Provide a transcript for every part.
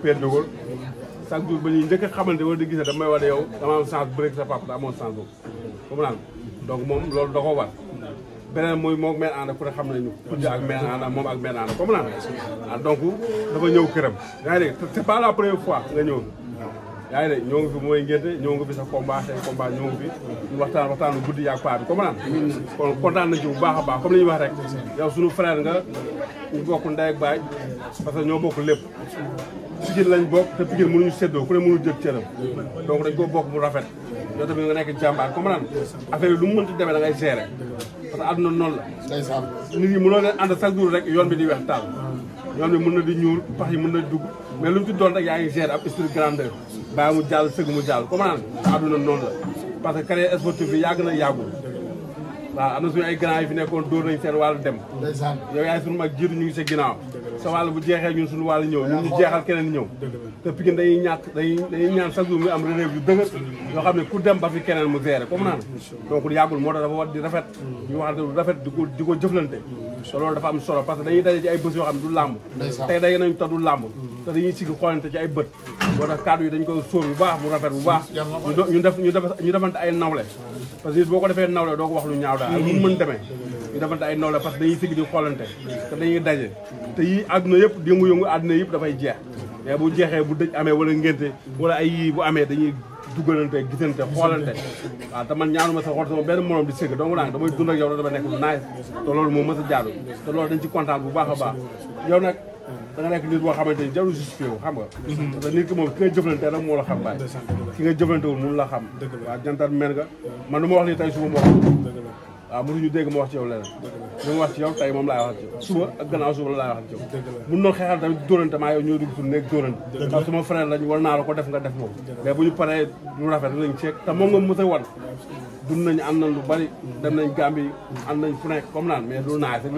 père Ndiogol chaque jour ba ñuy njëkk a xamante wala di gisee damay wax ne yow dama am chance bu sa papa da amoon chance boobu comme naan donc moom loolu da koo war beneen mooy moom meen ànd ku ne xam nañu kujj ak meen ànd moom ak meen ànd comme naan ah dafa ñëw këram yaa ngi dégg c'est pas la fois nga ñëw yaa ngi ñoo ngi fi mooy ngénte ñoo ngi fi sa combat say combat ñoo ngi fi ñu waxtaan waxtaan bu guddi yaag paa bi comme naan kon kontaan nañ a bokk ndey ak baay parce que ñoo bokk lépp Pikine lañ bokk te Pikine mënuñu séddoo ku ne mënu jël cëram donc dañ ko bokk mu rafet yow tamit nga nekk jàmbaar comme naan affaire yi lu mu mënti demee da ngay gérer parce que àdduna noonu la nit yi mënoo leen ànd chaque rek yoon bi di wex taal yoon bi mën na di ñuul pax yi mën na dugg mais lu mu ci doon rek yaa ngi gérer ab esprit grandeur bàyyi mu jàll sëgg mu jàll comprendre nga àdduna noonu la parce que carrière sportive bi yàgg na yàggul waaw am na suñu ay grand yi fi nekkoon dóor nañ seen wàllu dem yow yaay suñu mag jiitu ñu ngi sa ginnaaw sa wàll bu jeexee ñun suñu wàll ñëw ñun ñu jeexal keneen ñëw te Pikine dañuy ñàkk dañuy dañuy ñaan chaque jour mu am relève yu dëgër yoo xam ne ku dem ba fi keneen mu gérer comme naa donc yàggul moo tax dafa war di rafet ñu di ko di ko jëflante solo loolu dafa am solo parce que dañuy daje ci ay bés yoo xam ne du làmb tey daje nañu te du mm-hmm. dañuy sigg xoolante ci ay bët boo tax kàddu yi dañ ko sóor bu baax bu rafet bu baax ñu def ñu defante ay nawle parce que boo ko defee nawle doo ko wax lu ñaaw daal ak mën demee ñu defante ay nawle parce que dañuy sigg di xoolante te dañuy daje te yi àdduna yëpp yëngu-yëngu àdduna yëpp dafay jeex mais bu jeexee bu dëj amee wala ngénte wala ay yii bu amee dañuy dugalante gisante xoolante waaw te man ñaanuma sax war benn morom di sëgg donc daang damay dund ak yow da damay nekk lu naaj te loolu moom mës a jaadu te loolu dañ ci kontaan bu baax a baax yow nag da nga nekk nit boo xamante ni jarul justifié wu xam nga parce que nit ki moom ki nga jëflante rek moo la xam baay ki nga jëflante wul mënu la xam waaw jantar mel nga man du ma wax lii tey suba moo waaw mënuñu dégg ma wax ci yow leneen li ma wax ci yow tey moom laay wax ci ci yow mun noon xeexal tamit dóorante maa yow ñoo dugg suñu ko def nga def moom mais bu ñu bari mais loolu naagi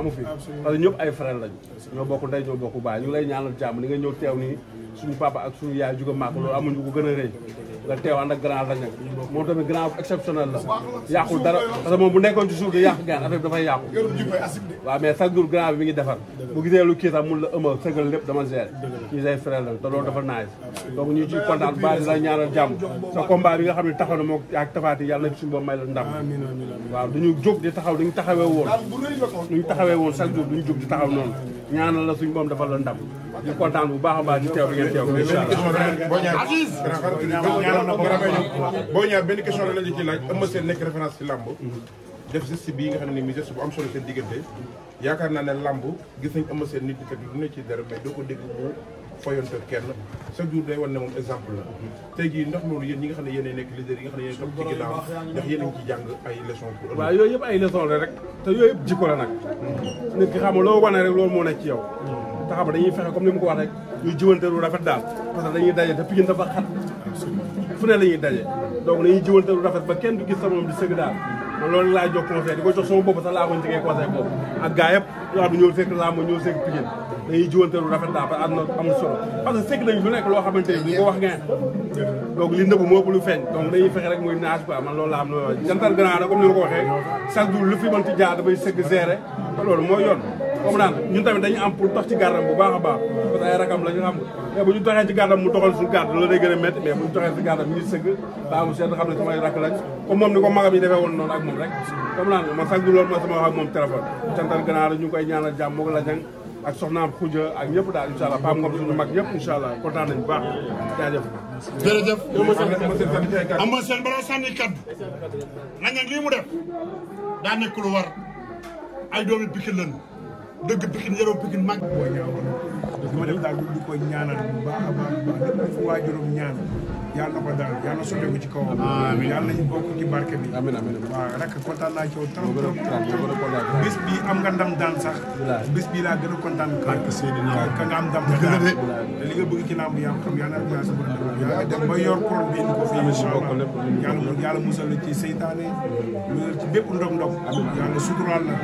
amu fi parce que ñëpp ay frère lañ ñoo bokk ndey ñoo bokk baay ñu ngi lay ñaanal jàmm ni nga ñëw teew nii suñu papa ak suñu yaay juga màgg loolu amuñu ko gën a rëy nga teew ànd ak grand lañ ak moom tamit grand exceptionnel la yàqul dara parce que moom bu dama gère ñi say frère te loolu dafa naaj donc ñu ci sa combat bi nga xam ne taxaw moo ak tafaati yàlla na suñu boobu may la ndam waaw duñu jóg di taxaw duñu taxawee woon duñu taxawee woon chaque jour duñu jóg di taxaw noonu ñaanal na suñu moom dafa la ndam di kontaan bu baax a baax ci teew bi ngeen teew bi la lañu ci laaj Eumeu Sène nekk référence ci làmb mm-hmm. def geste bii nga xam ne nii geste bu am solo seen diggante yaakaar naa ne làmb gis nañ Eumeu Sène nit di teg ci dara mais doo ko dégg bu foyonte kenn chaque jour day wan ne moom exemple la mm-hmm. tey jii ndax loolu yéen nga xam ne yéenay nekk leader yi nga xam ne yéen topp ci ndax yéen a ngi ci jàng ay leçon pour waaw yooyu yëpp ay leçon rek te yooyu yëpp jikko la nag nit ki xam loo wane rek loolu moo ci yow te xam dañuy fexe comme ni mu ko wax rek ñuy jiwante lu rafet daal parce que dañuy daje te Pikine dafa xat fu ne la ñuy daje donc dañuy jiwante lu rafet ba kenn du gis sa daal man loolu laa jox conseil di ko jox sama bopp sax laa ko njëkkee conseil boobu ak gars yëpp yoo xam ne ñoo fekk laa ma ñoo fekk Pikine dañuy jiwante lu rafet daal parce que am na amul solo parce que sekk nañu lu nekk loo xamante ni duñ ko wax ngeen donc li nëbb moo ëpp lu feeñ donc dañuy fexe rek muy naaj quoi man loolu laa am looy wax jantal grand comme ni ma ko waxee chaque jour lu fi mën ci jaar dafay sëgg gérer te loolu mooy yoon comme naan ñun tamit dañu am pour tax ci gàddam bu baax a baax parce que ay rakam la ñu xam mais mu doxal suñu gàdd loolu a métti mais bu ñu taxee xam ne samay ñu koy la jàng ak ay doomi Pikine dëgg Pikine yaroo Pikine mag. boo ñaawoon li ma def daal di ko ñaanal bu baax a baax bu baax lépp fu waajuram ñaan yàlla na ko daal yàlla na sotteeku ci kawam. amiin yàlla nañu bokk ci barke bi. amiin amiin waaw rek kontaan naa ci yow trop trop bis bi am nga ndam daan sax. bis bi laa gën a kontaan. barke Seydina ka nga am ndam daan te li nga bëgg ci làmb yaa xam yàlla na ko yàlla dem ba yor korom bi ko fi incha allah yàlla yàlla musal ci seytaane musal ci bépp ndog-ndog yàlla suturaal la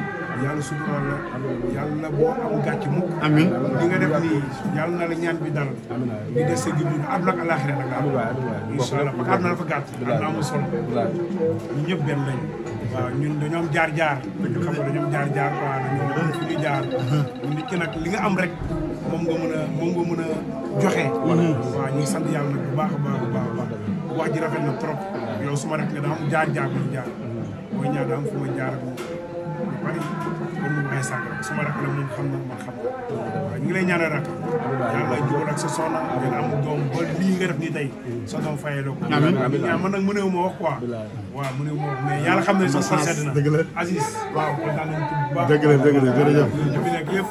yàlla suñu yàlla boo am gàcc mukk amiin li nga def nii yàlla na la bi dal ñu des sa gidd am nag alaxira nag am incha allah parce que am na dafa gàtt am na amul ñu ñëpp benn waaw ñun dañoo am jaar-jaar dañu xam nga dañoo am jaar-jaar quoi dañoo am fu ñu jaar nit ki nag li nga am rek moom nga mën a moom mën a joxe waaw ñu sant yàlla nag bu baax a baax a baax wax ji rafet suma rek nga daa am jaar-jaar bu ñu jaar mooy fu ma jaar bu bari kon moom ay sànq rek sama rakk la moom xam na man xam na waaw ñu ngi lay ñaanal rakk yàlla jubal ak sa soxna ngeen am doom ba lii nga def nii tey sa doom fayee doo ko amiin ñaa man nag mënewu ma wax quoi waaw mënewu ma wax mais yàlla xam ne sa xol sedd na dëgg la Aziz waaw kontaan nañ ci bu baax dëgg la dëgg la jërëjëf ñu fi nekk yëpp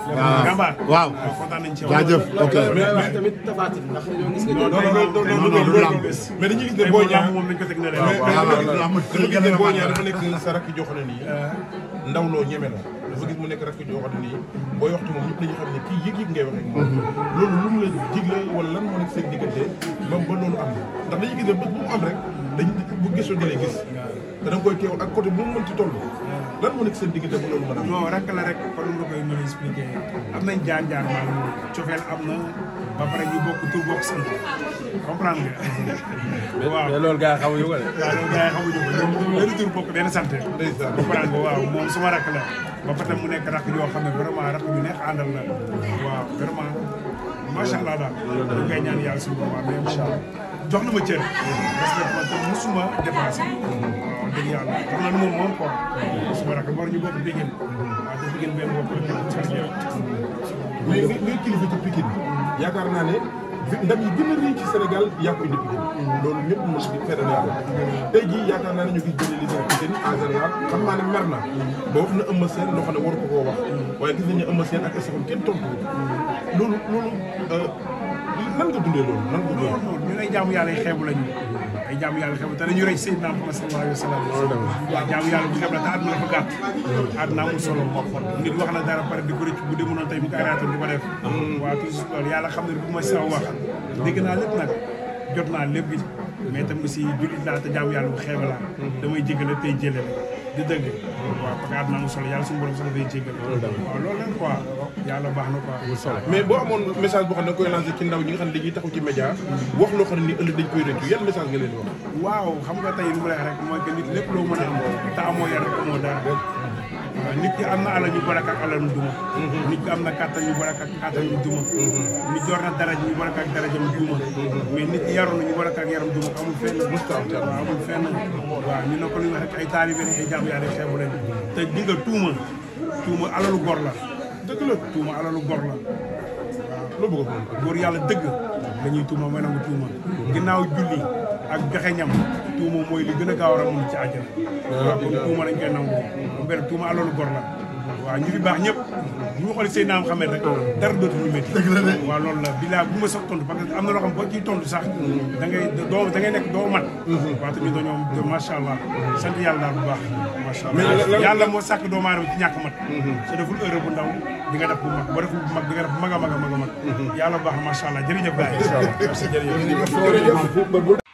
gàmbaar waaw kontaan nañ ci jaajëf ok mais tamit tafaatin ndax ñoo gis nga doon bés mais dañuy gis ne boo ñaa moom nañ ko teg ne rek dañu gis ne boo ñaa dafa nekk sa rakk joxone nii ndaw loo ñeme la dafa gis mu nekk rek joo xam ne nii booy waxtu moom xam ne kii yëg-yëg ngay waxee mhm. loolu lu mu la digle wala lan moo nekk seen diggante ba ba loolu am na ndax dañuy gis ne bés am rek dañ bu gisul da lay gis. dana koy teewal ak côté bu mu mënti toll. lan moo nekk seen diggante bu loolu mën a. la rek kon nga koy mën a expliqué waaw moom suma rakk la ba pare mu nekk rakk yoo xam ne vraiment rakk yu neex àndal la waaw vraiment macha allah daal. loolu ñaan yàlla suñu boppam mais macha allah. jox na ma cër. parce que man tam mosuma dépassé. wax dëgg yàlla xam naa nu moom moom quoi. suma rakk war ñu bokk kilifa ci Pikine yaakaar naa ne ndam yi gën a rëy ci Sénégal yaa ko indi loolu ñëpp mos bi fere naa ko tey jii yaakaar naa ne ñu ngi jëlee a nga Pikine en xam ne mer na ba wax na ëmb seen loo xam ne waru ko koo wax waaye gis nañu ëmb seen ak estafam kenn tontu loolu loolu euh, nan nga dundee loolu nan nga dundee loolu ñun ay jaamu yàlla yi xeebu lañu ay jaamu yàlla xeebu te dañuy rëcc Seydina Muhammad sallallahu alayhi wa sallam waaw jaamu yàlla bu xeeb la te àdduna dafa gàtt àdduna amul solo nit wax na dara pare di ko bu demoon tey bu ko araatu di ko def waaw toujours loolu yàlla xam ne bu ma saw wax dégg naa lépp nag jot naa lépp mais tam aussi jullit laa te jaamu yàlla bu xeeb laa mm-hmm. damay jégale tey jëlee di dëgg waaw pagaat naa mu sol yàlla suñu na quoi mais boo amoon message boo xam ne koy lancé ci ndaw ñi nga xam ne dañuy taxaw ci média wax loo xam ne ni ëllëg dañ koy rëccu yan message nga leen wax waaw xam nga tey li lay rek mooy que nit lépp loo mën a am te amoo yar amoo dara nit ki am na alal ñu baraka ak alal yu duma. Mhm. nit am na kàttan yu baraka ak kàttan yu duma. Mhm. nit yor na daraj yu baraka ak darajam duma. Mhm. mais nit ki yaroon na ñu baraka ak yaram duma amul fenn musta am waaw amul fenn waaw ñu ne ko lu ñu wax rek ay tuuma tuuma la. dëgg la gor la. yàlla dëgg la ñuy tuuma may nangu ginnaaw julli ak joxe ñam. tuuma mooy li gën a gaaw a ramul ci àjjana. Ah, waaw kon tuuma dañ koy nangu. la. waaw ñu di baax ñëpp bu ñu xoolee Seydina Muhammad rek dara dootuñu métti waaw loolu la bilaa bu ma sax tontu am na loo xam boo ciy tontu sax da ngay doo da ngay nekk doo man mhm. waaw tamit dañoo macha allah sant yàlla daal bu baax macha allah yàlla moo sàkk doomu aadama ci ñàkk mat so mhm. deful heure bu ndaw di nga def bu mag boo deful bu mag di a a a baax